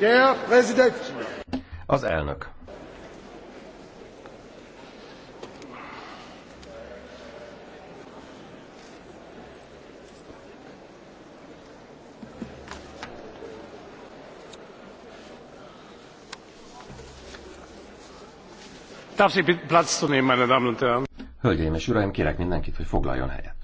Der Präsident! Az elnök. Darf Sie Platz zu nehmen, meine Damen und Herren? Hölgyeim és uraim, kérek mindenkit, hogy foglaljon helyet.